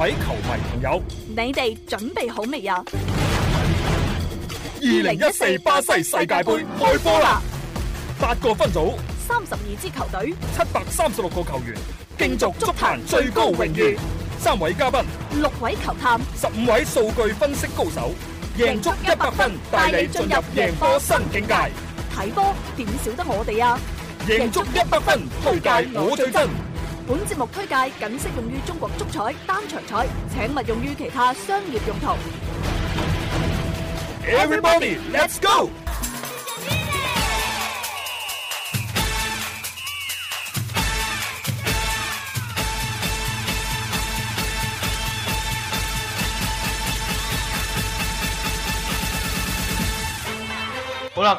各位球迷朋友，你哋準備好未啊？二零一四巴西世界杯開波啦！八個分組，三十二支球隊，七百三十六個球員，競逐足壇最高榮譽。三位嘉賓，六位球探，十五位數據分析高手，贏足一百分，帶你進入贏波新境界。睇波點少得我哋啊！贏足一百分推介我最真。本節目推介僅適用於中國足彩、單場彩，請勿用於其他商業用途。Everybody, let's go!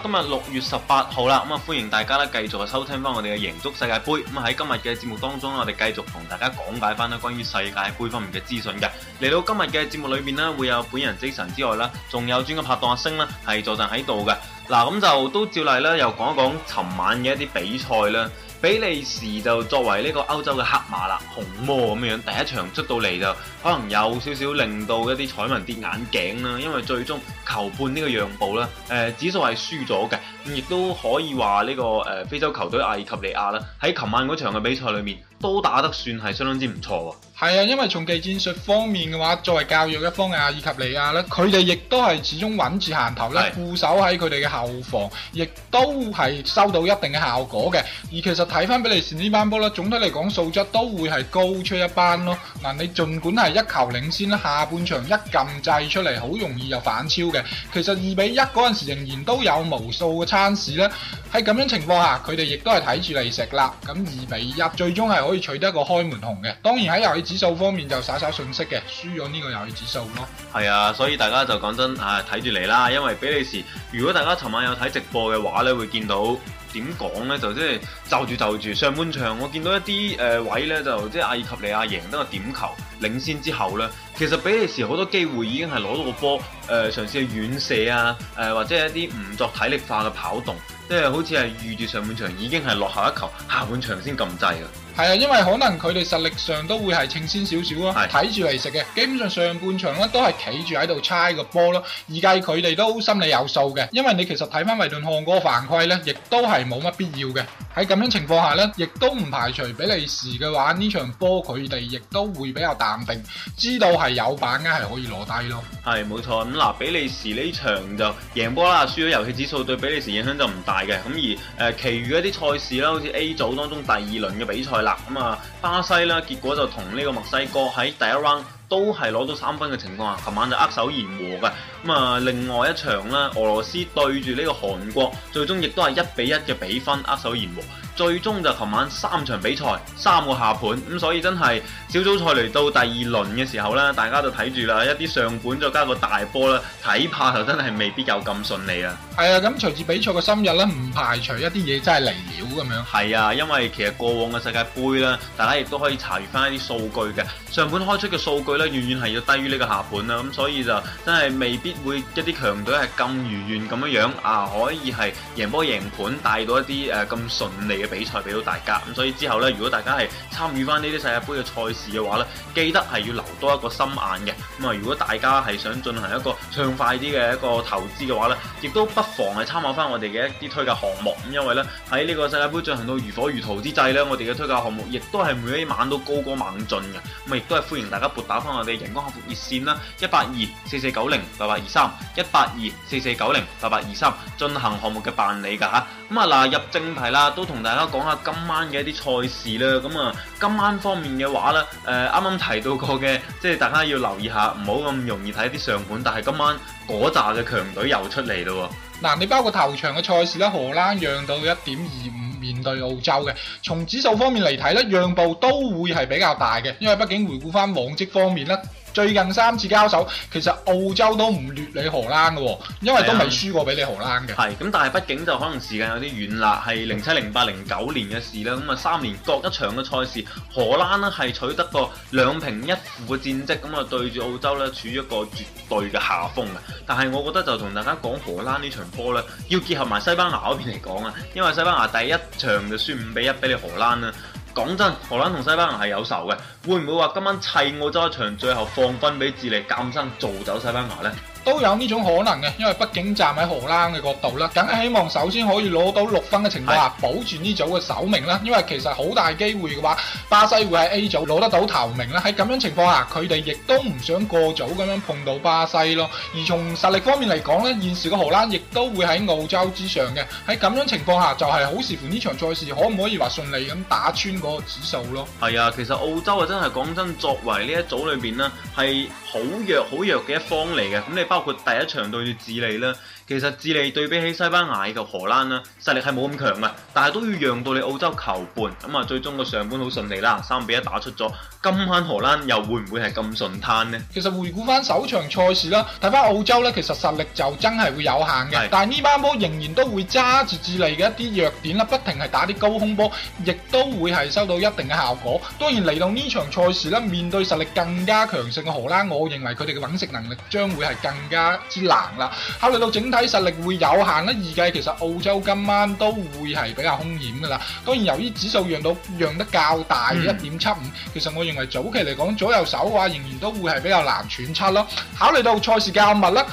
今日六月十八號啦，咁啊歡迎大家咧繼續收聽翻我哋嘅贏足世界杯。咁喺今日嘅節目當中咧，我哋繼續同大家講解翻咧關於世界杯方面嘅資訊嘅。嚟到今日嘅節目裏面咧，會有本人精神之外啦，仲有專業拍檔阿星啦，係坐陣喺度嘅。嗱，啊，咁就都照例啦，又講一講尋晚嘅一啲比賽啦。比利時就作為呢個歐洲嘅黑馬啦，紅魔咁樣，第一場出到嚟就可能有少少令到一啲彩民跌眼鏡啦，啊，因為最終球判呢個讓步啦，誒、呃、指數係輸咗嘅，咁亦都可以話呢、這個誒、呃、非洲球隊阿爾及利亞啦，喺琴晚嗰場嘅比賽裏面都打得算係相當之唔錯。係啊，因為從技戰術方面嘅話，作為教育一方嘅阿爾及利亞咧，佢哋亦都係始終穩住行頭咧，的固守喺佢哋嘅後防，亦都係收到一定嘅效果嘅。而其實睇翻比利時呢班波啦，總體嚟講素質都會係高出一班咯。嗱、啊，你盡管係一球領先下半場一撳掣出嚟，好容易又反超嘅。其實二比一嗰陣時仍然都有無數嘅餐事咧。喺咁樣情況下，佢哋亦都係睇住嚟食啦。咁二比一最終係可以取得一個開門紅嘅。當然喺遊戲。指數方面就耍耍信息嘅，輸咗呢個遊戲指數咯。係啊，所以大家就講真啊，睇住嚟啦。因為比利時，如果大家尋晚有睇直播嘅話咧，會見到點講咧，就即係就住、是、就住上半場，我見到一啲誒、呃、位咧，就即係阿爾及利亞贏得個點球，領先之後咧，其實比利時好多機會已經係攞到個波誒、呃，嘗試去遠射啊，誒、呃、或者一啲唔作體力化嘅跑動，即、就、係、是、好似係預住上半場已經係落後一球，下半場先撳掣啊。係啊，因為可能佢哋實力上都會係稱先少少咯，睇住嚟，食嘅。基本上上半場咧都係企住喺度猜個波咯，而家佢哋都心理有數嘅。因為你其實睇翻維頓漢個犯規咧，亦都係冇乜必要嘅。喺咁樣情況下咧，亦都唔排除比利時嘅話呢場波佢哋亦都會比較淡定，知道係有把握係可以攞低咯。係冇錯咁嗱、嗯，比利時呢場就贏波啦。輸咗遊戲指數對比利時影響就唔大嘅，咁而誒、呃、其餘嘅一啲賽事啦，好似 A 組當中第二輪嘅比賽。咁啊、嗯，巴西啦，結果就同呢個墨西哥喺第一 round 都係攞到三分嘅情況下，琴晚就握手言和嘅。咁、嗯、啊，另外一場啦，俄羅斯對住呢個韓國，最終亦都係一比一嘅比分握手言和。最終就琴晚三場比賽三個下盤咁、嗯，所以真係小組賽嚟到第二輪嘅時候咧，大家就睇住啦，一啲上盤再加個大波咧，睇怕就真係未必有咁順利啊！係啊、哎、咁、嗯、隨住比賽嘅深入咧，唔排除一啲嘢真係嚟了咁樣。係啊，因為其實過往嘅世界杯啦，大家亦都可以查閱翻一啲數據嘅上盤開出嘅數據咧，遠遠係要低於呢個下盤啦，咁、嗯、所以就真係未必會一啲強隊係咁如願咁樣樣啊，可以係贏波贏盤，帶到一啲誒咁順利嘅。比賽俾到大家咁，所以之後呢，如果大家係參與翻呢啲世界杯嘅賽事嘅話呢，記得係要留多一個心眼嘅。咁啊，如果大家係想進行一個暢快啲嘅一個投資嘅話呢，亦都不妨係參考翻我哋嘅一啲推介項目。咁因為呢，喺呢個世界杯進行到如火如荼之際呢，我哋嘅推介項目亦都係每一晚都高歌猛進嘅。咁亦都係歡迎大家撥打翻我哋人工客服熱線啦，一八二四四九零八八二三，一八二四四九零八八二三進行項目嘅辦理㗎嚇。咁啊，嗱，入正題啦，都同大家。大家講下今晚嘅一啲賽事啦，咁啊，今晚方面嘅話咧，誒啱啱提到過嘅，即係大家要留意下，唔好咁容易睇啲上盤，但係今晚嗰扎嘅強隊又出嚟咯嗱，你包括頭場嘅賽事啦，荷蘭讓到一點二五面對澳洲嘅，從指數方面嚟睇咧，讓步都會係比較大嘅，因為畢竟回顧翻往績方面咧。最近三次交手，其實澳洲都唔劣你荷蘭嘅喎，因為都未輸過俾你荷蘭嘅。係咁，但係畢竟就可能時間有啲遠啦，係零七、零八、零九年嘅事啦。咁啊，三年各一場嘅賽事，荷蘭呢係取得個兩平一負嘅戰績，咁啊對住澳洲呢處於一個絕對嘅下風啊。但係我覺得就同大家講荷蘭呢場波呢，要結合埋西班牙嗰邊嚟講啊，因為西班牙第一場就輸五比一俾你荷蘭啊。講真，荷蘭同西班牙係有仇嘅，會唔會話今晚砌澳洲一場，最後放分俾智利，監生做走西班牙呢？都有呢種可能嘅，因為畢竟站喺荷蘭嘅角度啦，梗係希望首先可以攞到六分嘅情況下，保住呢組嘅首名啦。因為其實好大機會嘅話，巴西會喺 A 組攞得到頭名啦。喺咁樣情況下，佢哋亦都唔想過早咁樣碰到巴西咯。而從實力方面嚟講呢，現時嘅荷蘭亦都會喺澳洲之上嘅。喺咁樣情況下，就係好視乎呢場賽事可唔可以話順利咁打穿嗰個指數咯。係啊，其實澳洲啊真係講真，作為呢一組裏邊咧，係好弱好弱嘅一方嚟嘅。咁你包括第一場對住智利啦。其實智利對比起西班牙以及荷蘭啦，實力係冇咁強嘅，但係都要讓到你澳洲球半咁啊！最終個上盤好順利啦，三比一打出咗。今晚荷蘭又會唔會係咁順攤呢？其實回顧翻首場賽事啦，睇翻澳洲咧，其實實力就真係會有限嘅。是但係呢班波仍然都會揸住智利嘅一啲弱點啦，不停係打啲高空波，亦都會係收到一定嘅效果。當然嚟到呢場賽事啦，面對實力更加強盛嘅荷蘭，我認為佢哋嘅搵食能力將會係更加之難啦。考慮到整體實力會有限啦，預計其實澳洲今晚都會係比較凶險㗎啦。當然由於指數讓到讓得較大嘅一點七五，嗯、其實我，認為早期嚟講，左右手嘅話仍然都會係比較難揣測咯。考慮到賽事嘅物質啦。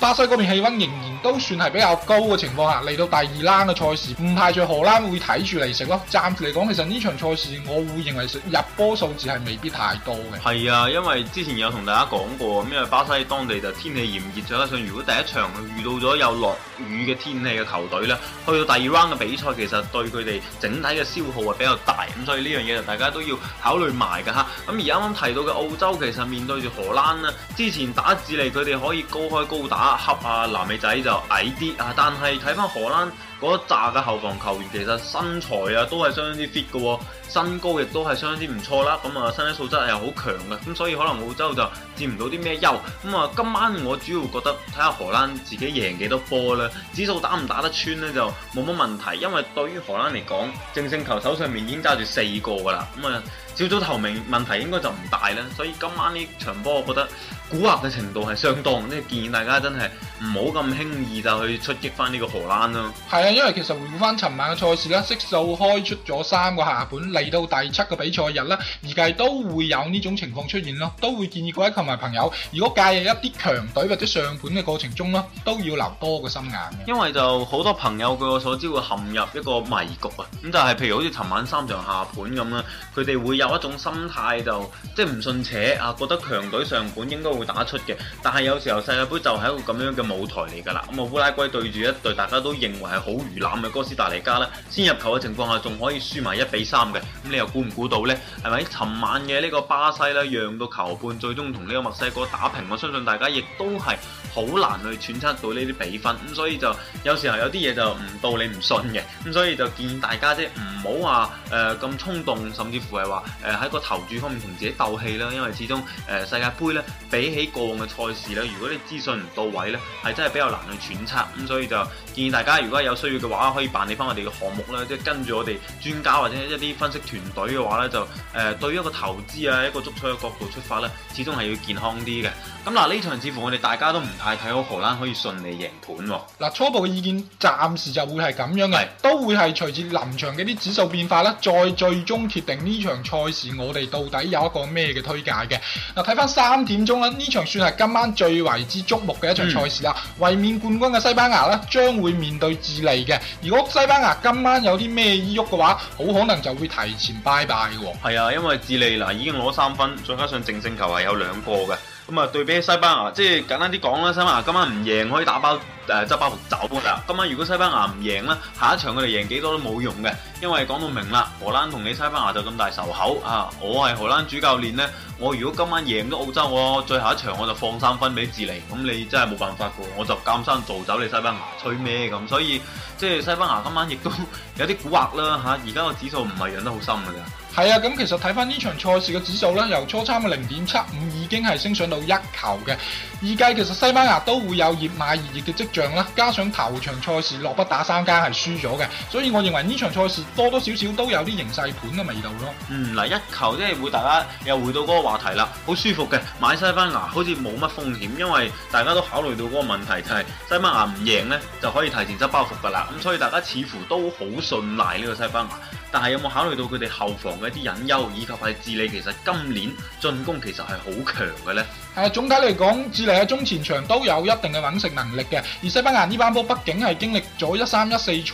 巴西嗰邊氣溫仍然都算係比較高嘅情況下，嚟到第二 round 嘅賽事，唔排除荷蘭會睇住嚟食咯。暫時嚟講，其實呢場賽事我會認為入波數字係未必太多嘅。係啊，因為之前有同大家講過，因為巴西當地就天氣炎熱，再加上如果第一場遇到咗有落雨嘅天氣嘅球隊咧，去到第二 round 嘅比賽，其實對佢哋整體嘅消耗係比較大，咁所以呢樣嘢就大家都要考慮埋㗎吓。咁而家啱啱提到嘅澳洲，其實面對住荷蘭咧，之前打智利佢哋可以高開高打。啊合啊，南美仔就矮啲啊，但係睇翻荷蘭。嗰扎嘅後防球員其實身材啊都係相當之 fit 嘅，哦，身高亦都係相當之唔錯啦。咁、嗯、啊，身體素質係好強嘅，咁、嗯、所以可能澳洲就佔唔到啲咩優。咁、嗯、啊、嗯，今晚我主要覺得睇下荷蘭自己贏幾多波啦，指數打唔打得穿呢就冇乜問題，因為對於荷蘭嚟講，正勝球手上面已經揸住四個噶啦。咁、嗯、啊，小組頭名問題應該就唔大啦。所以今晚呢場波，我覺得蠱惑嘅程度係相當，即係建議大家真係。唔好咁輕易就去出擊翻呢個荷蘭咯。係啊，因為其實回顧翻尋晚嘅賽事啦，悉數開出咗三個下盤，嚟到第七個比賽日啦。而家都會有呢種情況出現咯。都會建議各位球迷朋友，如果介入一啲強隊或者上盤嘅過程中啦，都要留多個心眼。因為就好多朋友據我所知會陷入一個迷局啊。咁就係譬如好似尋晚三場下盤咁啦，佢哋會有一種心態就即係唔信邪啊，覺得強隊上盤應該會打出嘅。但係有時候世界杯就係一個咁樣嘅舞台嚟噶啦，咁啊烏拉圭對住一隊大家都認為係好魚腩嘅哥斯達黎加咧，先入球嘅情況下仲可以輸埋一比三嘅，咁你又估唔估到呢？係咪？尋晚嘅呢個巴西呢，讓到球半，最終同呢個墨西哥打平，我相信大家亦都係好難去揣測到呢啲比分，咁所以就有時候有啲嘢就唔到你唔信嘅，咁所以就建議大家啫唔好話誒咁衝動，甚至乎係話誒喺個投注方面同自己鬥氣啦，因為始終誒、呃、世界杯呢，比起過往嘅賽事呢，如果你資訊唔到位呢。係真係比較難去揣測咁，所以就建議大家如果有需要嘅話，可以辦理翻我哋嘅項目啦。即、就、係、是、跟住我哋專家或者一啲分析團隊嘅話咧，就誒、呃、對於一個投資啊一個足彩嘅角度出發咧，始終係要健康啲嘅。咁嗱，呢場似乎我哋大家都唔太睇好荷蘭可以順利贏盤喎、哦。嗱，初步嘅意見暫時就會係咁樣嘅，是都會係隨住臨場嘅啲指數變化啦，再最終決定呢場賽事我哋到底有一個咩嘅推介嘅。嗱，睇翻三點鐘啦，呢場算係今晚最為之矚目嘅一場賽事啦。嗯衛冕冠軍嘅西班牙啦，將會面對智利嘅。如果西班牙今晚有啲咩意喐嘅話，好可能就會提前拜拜嘅。係啊，因為智利嗱已經攞三分，再加上淨勝球係有兩個嘅。咁啊，對比西班牙，即係簡單啲講啦，西班牙今晚唔贏可以打包誒執、呃、包袱走噶啦。今晚如果西班牙唔贏啦，下一場佢哋贏幾多都冇用嘅，因為講到明啦，荷蘭同你西班牙就咁大仇口啊！我係荷蘭主教練呢，我如果今晚贏咗澳洲，我最後一場我就放三分俾智利，咁你真係冇辦法噶，我就攬生做走你西班牙，吹咩咁？所以即係西班牙今晚亦都有啲蠱惑啦嚇，而家個指數唔係引得好深噶咋。係啊，咁、嗯、其實睇翻呢場賽事嘅指數咧，由初參嘅零點七五已經係升上到一球嘅。預計其實西班牙都會有熱買熱熱嘅跡象啦，加上頭場賽事落筆打三加係輸咗嘅，所以我認為呢場賽事多多少少都有啲形勢盤嘅味道咯。嗯，嗱一球即係會大家又回到嗰個話題啦，好舒服嘅買西班牙好似冇乜風險，因為大家都考慮到嗰個問題就係、是、西班牙唔贏呢就可以提前執包袱噶啦，咁所以大家似乎都好信賴呢個西班牙。但係有冇考慮到佢哋後防嘅一啲隱憂，以及係智利，其實今年進攻其實係好強嘅呢。係總體嚟講，智利喺中前場都有一定嘅搵食能力嘅。而西班牙呢班波，畢竟係經歷咗一三一四賽季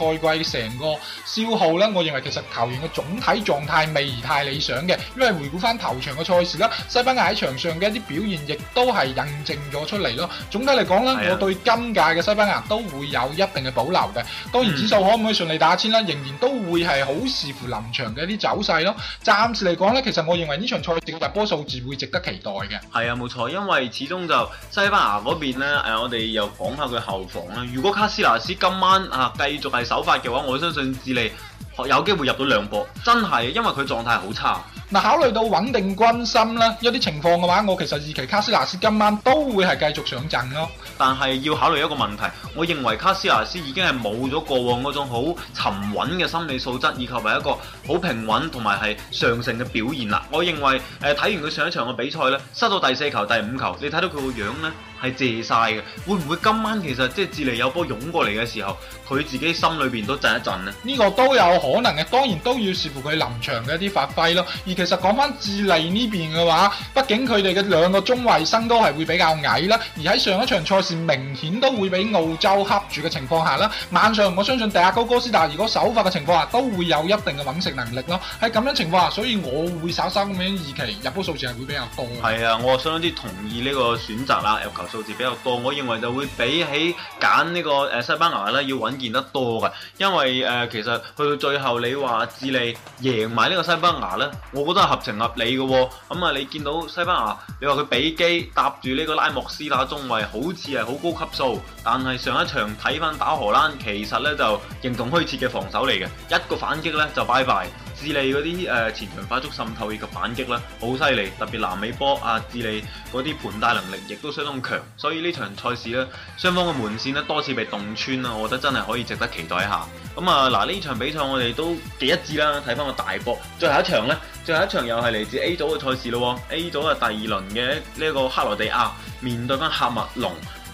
成個消耗啦。我認為其實球員嘅總體狀態未太理想嘅，因為回顧翻頭場嘅賽事啦，西班牙喺場上嘅一啲表現亦都係印證咗出嚟咯。總體嚟講咧，啊、我對今屆嘅西班牙都會有一定嘅保留嘅。當然指數可唔可以順利打千啦，仍然都會係好視乎臨場嘅一啲走勢咯。暫時嚟講咧，其實我認為呢場賽事嘅入波數字會值得期待嘅。係啊，冇錯。因為始終就西班牙嗰邊咧，誒我哋又講下佢後防啦、啊。如果卡斯拿斯今晚啊繼續係首發嘅話，我相信智利學有機會入到兩波，真係，因為佢狀態好差。嗱，考慮到穩定軍心啦，一啲情況嘅話，我其實預期卡斯拿斯今晚都會係繼續上陣咯。但係要考慮一個問題，我認為卡斯拿斯已經係冇咗過往嗰種好沉穩嘅心理素質，以及係一個好平穩同埋係上乘嘅表現啦。我認為誒睇、呃、完佢上一場嘅比賽咧，失到第四球、第五球，你睇到佢個樣咧？係借晒嘅，會唔會今晚其實即係智利有波湧過嚟嘅時候，佢自己心裏邊都震一震呢？呢個都有可能嘅，當然都要視乎佢臨場嘅一啲發揮咯。而其實講翻智利呢邊嘅話，畢竟佢哋嘅兩個中衞身高都係會比較矮啦，而喺上一場賽事明顯都會俾澳洲恰住嘅情況下啦。晚上我相信迪亞高哥斯達如果首發嘅情況下，都會有一定嘅揾食能力咯。喺咁樣情況下，所以我會稍稍咁樣預期入波數字係會比較多。係啊，我相當之同意呢個選擇啦，數字比較多，我認為就會比起揀呢個誒西班牙咧要穩健得多嘅，因為誒、呃、其實去到最後你話智利贏埋呢個西班牙呢，我覺得合情合理嘅喎、哦。咁、嗯、啊，你見到西班牙，你話佢比基搭住呢個拉莫斯打中衞，好似係好高級數，但係上一場睇翻打荷蘭，其實呢就形同虛設嘅防守嚟嘅，一個反擊呢，就拜拜。智利嗰啲誒前場快速滲透以及反擊咧，好犀利，特別南美波啊，智利嗰啲盤帶能力亦都相當強，所以呢場賽事咧，雙方嘅門線咧多次被洞穿啦，我覺得真係可以值得期待一下。咁啊，嗱呢場比賽我哋都幾一致啦，睇翻個大波。最後一場呢，最後一場又係嚟自 A 組嘅賽事咯 ，A 組嘅第二輪嘅呢個克羅地亞面對翻喀麥隆。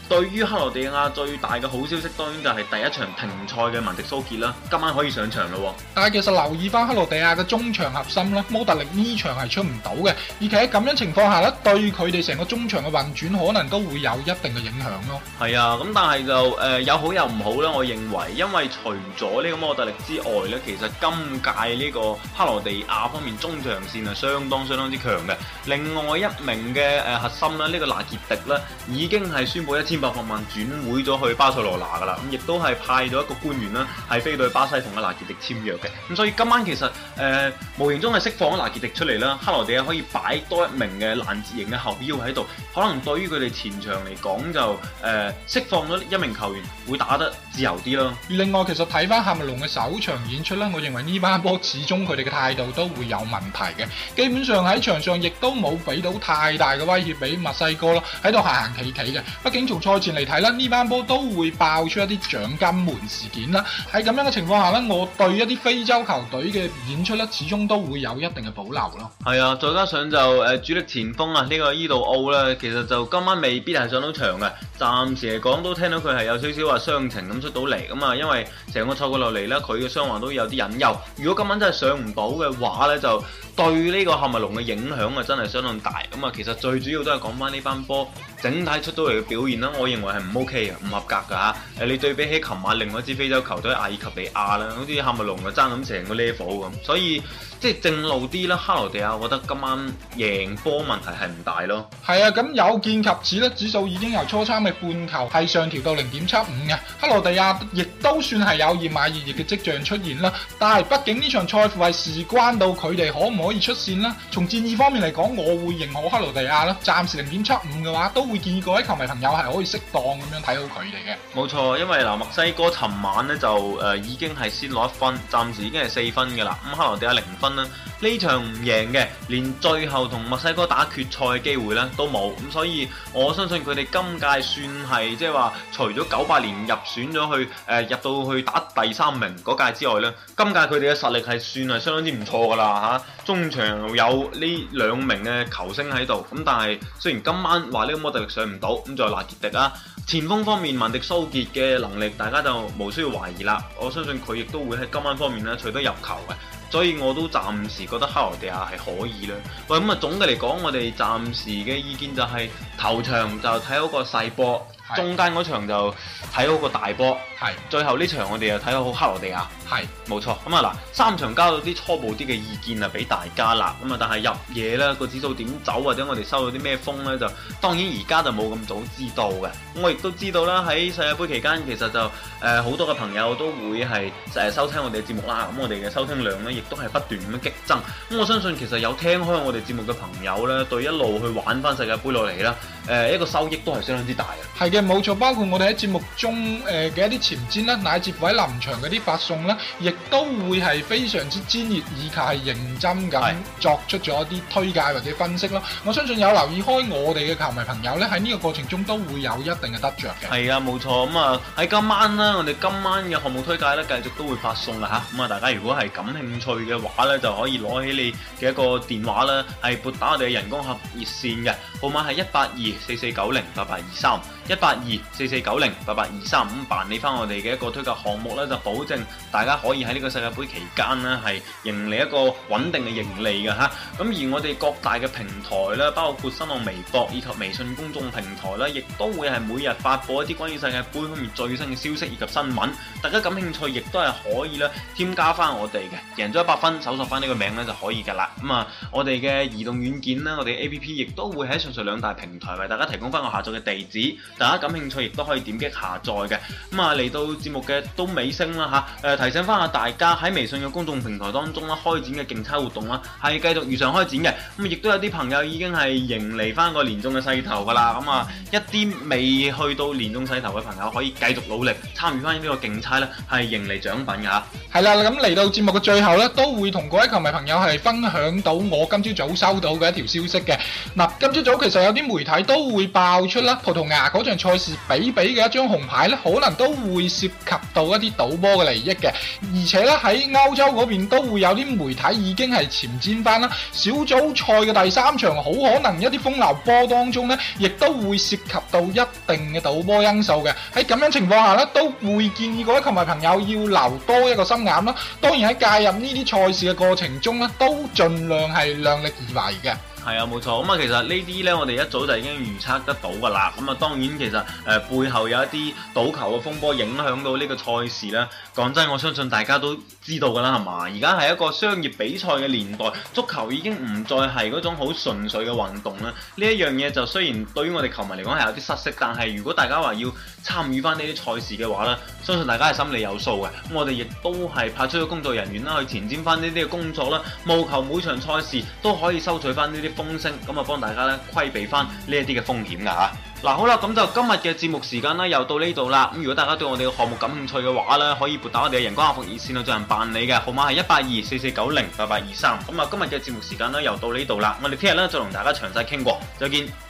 對於克羅地亞最大嘅好消息，當然就係第一場停賽嘅文迪蘇傑啦，今晚可以上場咯。但係其實留意返克羅地亞嘅中場核心啦。摩特力呢場係出唔到嘅，而且喺咁樣情況下咧，對佢哋成個中場嘅運轉可能都會有一定嘅影響咯。係啊，咁但係就誒、呃、有好有唔好啦，我認為，因為除咗呢個摩特力之外咧，其實今屆呢個克羅地亞方面中場線係相當相當之強嘅。另外一名嘅誒核心啦，呢、這個拿傑迪咧已經係宣布一。百萬轉會咗去巴塞羅那噶啦，咁亦都係派咗一個官員啦，係飛到去巴西同阿納傑迪簽約嘅。咁所以今晚其實誒無形中係釋放咗納傑迪出嚟啦，克羅地亞可以擺多一名嘅攔截型嘅後腰喺度，可能對於佢哋前場嚟講就誒釋放咗一名球員會打得自由啲咯。另外其實睇翻夏文龍嘅首場演出呢，我認為呢班波始終佢哋嘅態度都會有問題嘅，基本上喺場上亦都冇俾到太大嘅威脅俾墨西哥咯，喺度行行企企嘅。畢竟從賽前嚟睇啦，呢班波都會爆出一啲獎金門事件啦。喺咁樣嘅情況下呢，我對一啲非洲球隊嘅演出呢，始終都會有一定嘅保留咯。係啊，再加上就誒、呃、主力前鋒啊，呢、這個伊度奧呢，其實就今晚未必係上到場嘅。暫時嚟講都聽到佢係有少少話傷情咁出到嚟啊嘛，因為成個賽季落嚟呢，佢嘅傷患都有啲隱憂。如果今晚真係上唔到嘅話呢，就對呢個喀麥隆嘅影響啊，真係相當大。咁啊，其實最主要都係講返呢班波整體出到嚟嘅表現啦。我認為係唔 OK 嘅，唔合格㗎吓。誒，你對比起琴晚另外一支非洲球隊阿爾及利亞啦，好似喀麥隆啊爭咁成個 level 咁。所以即係正路啲啦，克羅地亞，我覺得今晚贏波問題係唔大咯。係啊，咁有見及此，指數指數已經由初三嘅半球係上調到零點七五嘅。克羅地亞亦都算係有二馬二翼嘅跡象出現啦。但係畢竟呢場賽事係事關到佢哋可唔可以出線啦！從戰意方面嚟講，我會認可克羅地亞啦。暫時零點七五嘅話，都會建議各位球迷朋友係可以適當咁樣睇好佢哋嘅。冇錯，因為嗱，墨西哥尋晚呢就誒、呃、已經係先攞一分，暫時已經係四分噶啦。咁、嗯、克羅地亞零分啦，呢場唔贏嘅，連最後同墨西哥打決賽嘅機會呢都冇。咁所以我相信佢哋今屆算係即係話除咗九八年入選咗去誒、呃、入到去打第三名嗰屆之外呢，今屆佢哋嘅實力係算係相當之唔錯噶啦吓。啊通常有兩呢兩名嘅球星喺度，咁但係雖然今晚話呢個摩德里克上唔到，咁就納杰迪啦。前鋒方面，文迪蘇杰嘅能力大家就無需要懷疑啦。我相信佢亦都會喺今晚方面咧取得入球嘅，所以我都暫時覺得克羅地亞係可以啦。喂，咁啊，總嘅嚟講，我哋暫時嘅意見就係頭場就睇嗰個細波。中間嗰場就睇好個大波，係是最後呢場我哋又睇好克羅地亞，係冇錯。咁啊，嗱，三場交到啲初步啲嘅意見啊，俾大家啦，咁啊，但係入夜啦個指數點走或者我哋收到啲咩風呢？就當然而家就冇咁早知道嘅。我亦都知道啦，喺世界杯期間其實就誒呃、好多嘅朋友都會係成日收聽我哋嘅節目啦，啊、咁我哋嘅收聽量呢，亦都係不斷咁樣激增，咁我相信其實有聽開我哋節目嘅朋友呢，對一路去玩翻世界杯落嚟啦誒一個收益都係相當之大嘅。冇錯，包括我哋喺節目中誒嘅一啲前瞻啦，乃至乎喺臨場嘅啲發送啦，亦都會係非常之專業，以及係認真咁作出咗一啲推介或者分析啦。的我相信有留意開我哋嘅球迷朋友咧，喺呢個過程中都會有一定嘅得着嘅。係啊，冇錯。咁、嗯、啊，喺今晚啦，我哋今晚嘅項目推介咧，繼續都會發送啦吓。咁、嗯、啊，大家如果係感興趣嘅話咧，就可以攞起你嘅一個電話啦，係撥打我哋嘅人工客服熱線嘅。號碼係一八二四四九零八八二三一八二四四九零八八二三五，辦理翻我哋嘅一個推介項目咧，就保證大家可以喺呢個世界杯期間呢係迎嚟一個穩定嘅盈利嘅吓。咁而我哋各大嘅平台咧，包括新浪微博以及微信公眾平台咧，亦都會係每日發布一啲關於世界杯方面最新嘅消息以及新聞。大家感興趣亦都係可以咧，添加翻我哋嘅贏咗一百分，搜索翻呢個名咧就可以噶啦。咁啊，我哋嘅移動軟件啦，我哋 A P P 亦都會喺。上述兩大平台為大家提供翻個下載嘅地址，大家感興趣亦都可以點擊下載嘅。咁啊，嚟到節目嘅都尾聲啦吓，誒、啊呃，提醒翻下大家喺微信嘅公眾平台當中啦、啊，開展嘅競猜活動啦，係、啊、繼續如常開展嘅。咁、啊、亦都有啲朋友已經係迎嚟翻個年終嘅勢頭噶啦。咁啊，啊，一啲未去到年終勢頭嘅朋友，可以繼續努力參與翻呢個競猜咧，係、啊、迎嚟獎品嘅吓。係啦，咁嚟到節目嘅最後咧，都會同各位球迷朋友係分享到我今朝早收到嘅一條消息嘅。嗱、啊，今朝早，其實有啲媒體都會爆出啦，葡萄牙嗰場賽事比比嘅一張紅牌咧，可能都會涉及到一啲賭波嘅利益嘅。而且咧喺歐洲嗰邊都會有啲媒體已經係前瞻翻啦。小組賽嘅第三場好可能一啲風流波當中咧，亦都會涉及到一定嘅賭波因素嘅。喺咁樣情況下咧，都會建議各位球迷朋友要留多一個心眼啦。當然喺介入呢啲賽事嘅過程中咧，都盡量係量力而為嘅。係啊，冇錯。咁、嗯、啊，其實呢啲呢，我哋一早就已經預測得到噶啦。咁、嗯、啊，當然其實誒、呃、背後有一啲賭球嘅風波影響到呢個賽事啦。講真，我相信大家都知道噶啦，係嘛？而家係一個商業比賽嘅年代，足球已經唔再係嗰種好純粹嘅運動啦。呢一樣嘢就雖然對於我哋球迷嚟講係有啲失色，但係如果大家話要參與翻呢啲賽事嘅話咧，相信大家係心理有數嘅。我哋亦都係派出咗工作人員啦，去前瞻翻呢啲嘅工作啦，務求每場賽事都可以收取翻呢啲。風聲咁啊，就幫大家咧規避翻呢一啲嘅風險㗎嚇。嗱、啊、好啦，咁就今日嘅節目時間啦，又到呢度啦。咁如果大家對我哋嘅項目感興趣嘅話咧，可以撥打我哋嘅人工客服熱線度進行辦理嘅號碼係一八二四四九零八八二三。咁啊，今日嘅節目時間咧又到呢度啦。我哋聽日咧再同大家詳細傾過，再見。